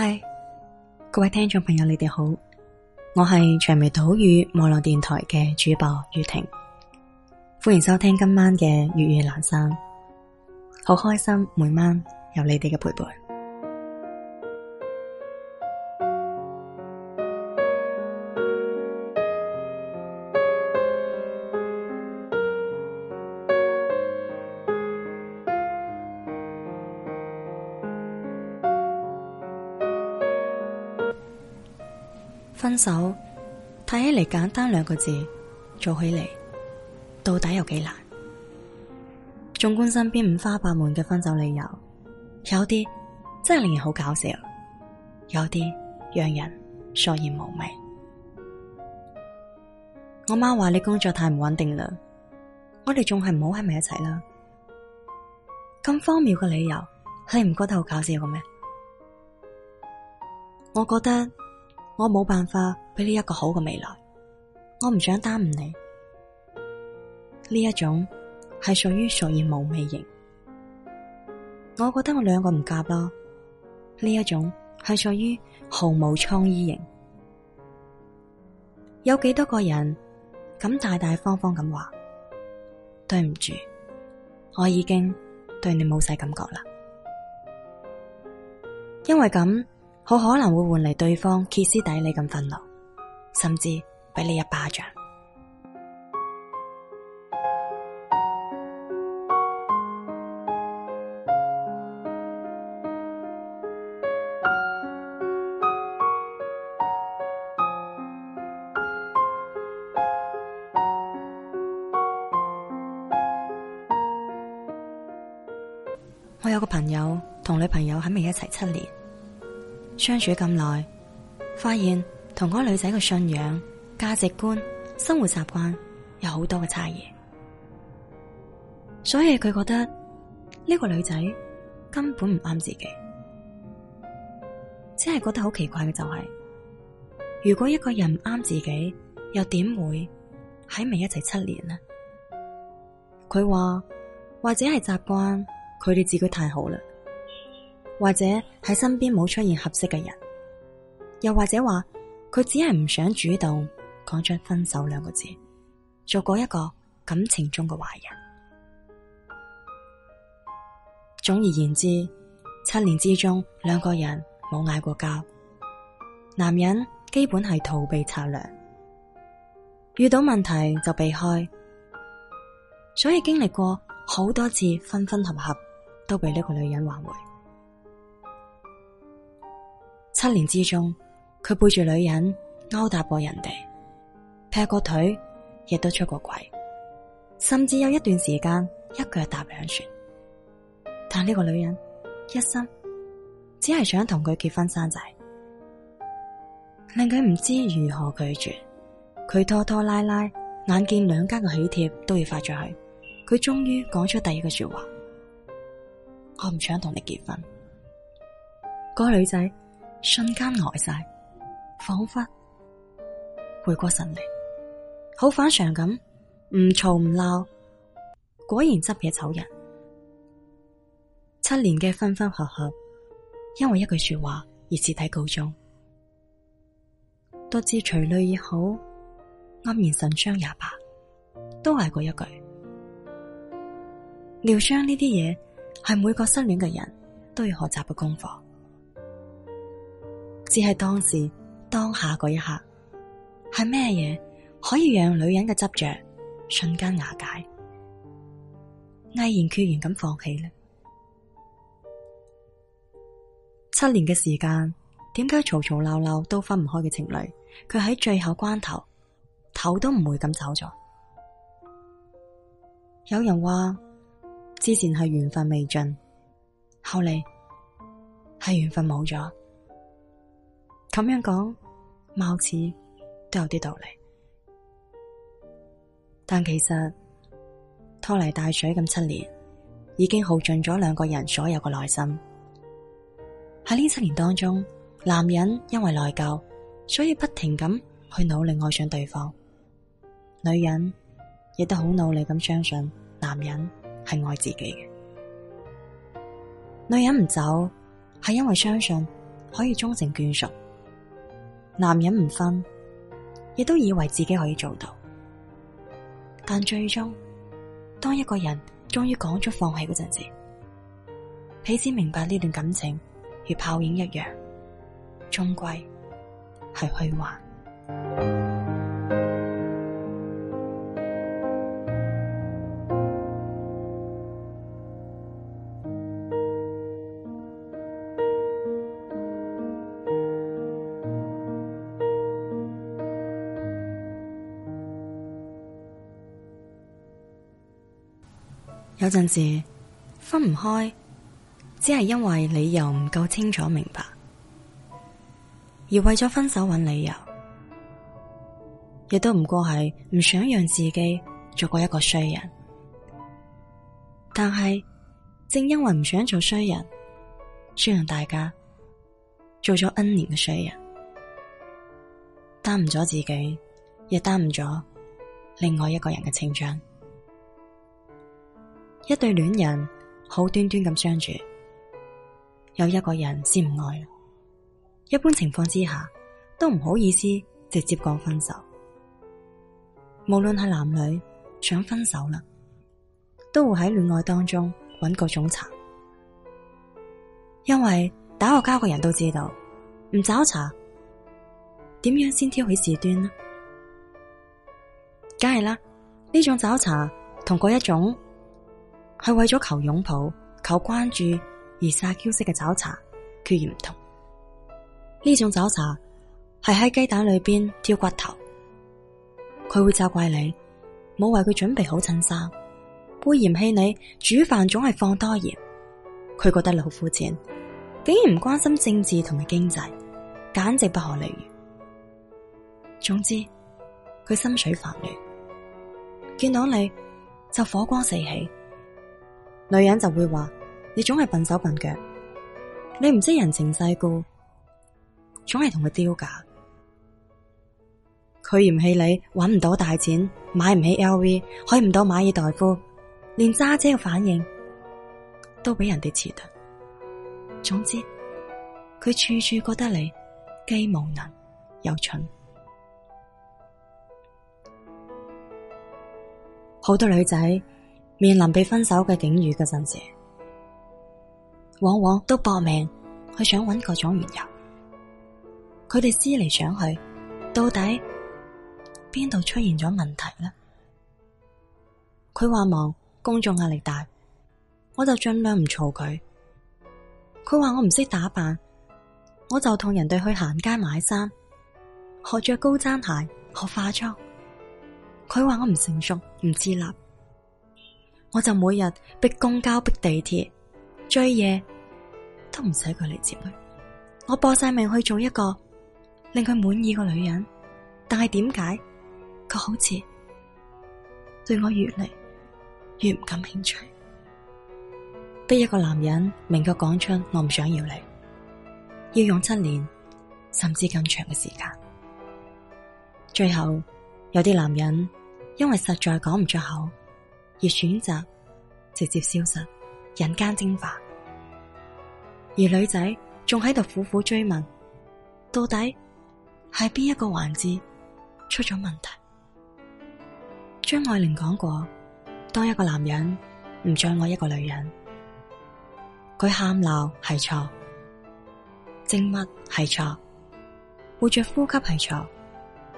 嗨，各位聽眾朋友，你哋好，我係長眉島嶼網絡電台嘅主播雨婷，歡迎收聽今晚嘅粵語南山，好開心每晚有你哋嘅陪伴。分手睇起嚟簡單兩個字，做起嚟，到底有幾難？縱觀身邊五花八門嘅分手理由，有啲真係令人好搞笑，有啲讓人索然無味。我媽話你工作太唔穩定啦，我哋仲係唔好喺埋一齊啦。咁荒謬嘅理由，你唔覺得好搞笑嘅咩？我覺得。我冇辦法俾你一個好嘅未來，我唔想耽誤你。呢一種係屬於索然無味型，我覺得我兩個唔夾啦。呢一種係屬於毫無創意型，有幾多個人咁大大方方咁話，對唔住，我已經對你冇晒感覺啦，因為咁。好可能會換嚟對方歇斯底里咁憤怒，甚至畀你一巴掌。 我有個朋友同女朋友喺埋一齊七年。相處咁耐，發現同嗰女仔嘅信仰、價值觀、生活習慣有好多嘅差異，所以佢覺得呢個女仔根本唔啱自己。只係覺得好奇怪嘅就係，如果一個人唔啱自己，又點會喺咪一齊七年呢？佢話或者係習慣佢哋自己太好啦。或者喺身邊冇出現合適嘅人，又或者話佢只係唔想主動講出分手兩個字，做過一個感情中嘅壞人。總而言之，七年之中兩個人冇嗌過交，男人基本係逃避策略，遇到問題就避開，所以經歷過好多次分分合合，都俾呢個女人挽回。七年之中，佢背住女人勾搭過人哋，劈過腿，亦都出過軌，甚至有一段時間一腳踏兩船。但呢個女人一生只係想同佢結婚生仔，令佢唔知如何拒絕。佢拖拖拉拉，眼見兩家嘅喜帖都要發出去，佢終於講出第二個說話：我唔想同你結婚。嗰個女仔。瞬間呆晒，仿佛回過神嚟，好反常咁，唔嘈唔鬧，果然執嘢走人。七年嘅分分合合，因為一句說話而徹底告終，獨自垂淚也好，黯然神傷也罷，都係嗰一句療傷。呢啲嘢，係每個失戀嘅人都要學習嘅功課。只係當時當下嗰一刻，係咩嘢可以讓女人嘅執着瞬間瓦解？毅然決然咁放棄呢？七年嘅時間，點解嘈嘈鬧鬧都分唔開嘅情侶，佢喺最後關頭，頭都唔會咁走咗？有人話之前係緣分未盡，後嚟係緣分冇咗。咁樣講，貌似都有啲道理，但其實拖泥帶水咁七年，已經耗盡咗兩個人所有嘅耐心。喺呢七年當中，男人因為內疚，所以不停咁去努力愛上對方；女人亦都好努力咁相信男人係愛自己嘅。女人唔走，係因為相信可以終成眷屬。男人唔分，亦都以為自己可以做到，但最終，當一個人終於講咗「放棄」嗰陣時，彼此明白呢段感情如泡影一樣，終歸係虛幻。嗰陣時分唔開，只係因為理由唔夠清楚明白，而為咗分手揾理由，亦都唔過係唔想讓自己做過一個衰人。但係正因為唔想做衰人，雖然大家做咗 N 年嘅衰人，耽誤咗自己，亦耽誤咗另外一個人嘅青春。一對戀人好端端咁相處，有一個人先唔愛，一般情況之下都唔好意思直接講分手。無論係男女，想分手啦，都會喺戀愛當中搵各種茬，因為打過交嘅人都知道，唔找茬點樣先挑起事端呢？梗係啦，呢種找茬同嗰一種。係為咗求擁抱、求關注而撒嬌式嘅找茬，決然唔同。呢種找茬係喺雞蛋裏邊挑骨頭。佢會責怪你冇為佢準備好襯衫，會嫌棄你煮飯總係放多鹽。佢覺得你好膚淺，竟然唔關心政治同埋經濟，簡直不可理喻。總之，佢心水煩亂，見到你就火光四起。女人就會話：你總係笨手笨腳，你唔識人情世故，總係同佢丟架。佢嫌棄你揾唔到大錢，買唔起 LV，去唔到馬爾代夫，連揸車嘅反應都比人哋遲到。總之，佢處處覺得你既無能又蠢。好多女仔。面臨被分手嘅境遇嗰陣時，往往都搏命去想揾各種緣由。佢哋思嚟想去，到底邊度出現咗問題呢？佢話忙，公眾壓力大，我就盡量唔嘈佢。佢話我唔識打扮，我就同人哋去行街買衫，學着高踭鞋，學化妝。佢話我唔成熟，唔自立。我就每日逼公交逼地鐵，追夜都唔使佢嚟接佢。我搏晒命去做一個令佢滿意嘅女人，但係點解佢好似對我越嚟越唔感興趣？逼一個男人明確講出我唔想要你，要用七年甚至更長嘅時間。最後有啲男人因為實在講唔出口。而選擇直接消失人間蒸發，而女仔仲喺度苦苦追問，到底係邊一個環節出咗問題？張愛玲講過：當一個男人唔再愛一個女人，佢喊鬧係錯，靜默係錯，活着呼吸係錯，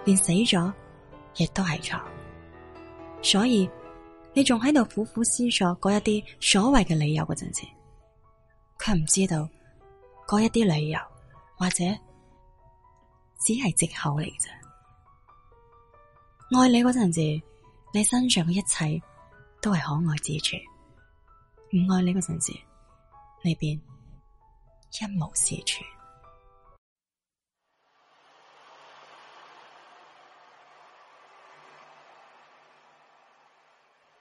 連死咗亦都係錯。所以。你仲喺度苦苦思索嗰一啲所謂嘅理由嗰陣時，佢唔知道嗰一啲理由或者只係借口嚟嘅啫。愛你嗰陣時，你身上嘅一切都係可愛之處；唔愛你嗰陣時，你便一無是處。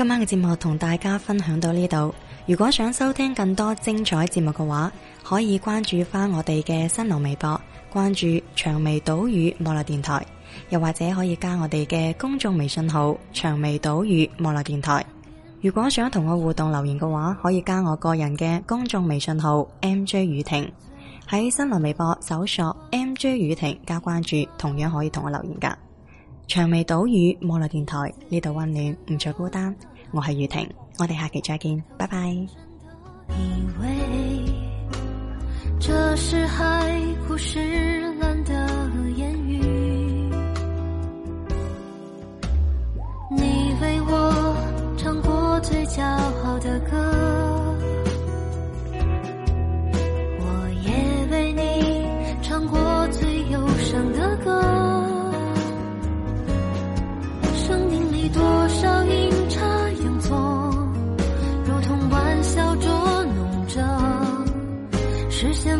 今晚嘅節目同大家分享到呢度。如果想收聽更多精彩節目嘅話，可以關注翻我哋嘅新浪微博，關注長眉島嶼網絡電台。又或者可以加我哋嘅公眾微信號長眉島嶼網絡電台。如果想同我互動留言嘅話，可以加我個人嘅公眾微信號 MJ 雨婷。喺新浪微博搜索 MJ 雨婷加關注，同樣可以同我留言噶。長眉島嶼網絡電台呢度溫暖，唔再孤單。我是雨婷，我們下期再見，拜拜。你為我唱過最驕傲的歌。 實現。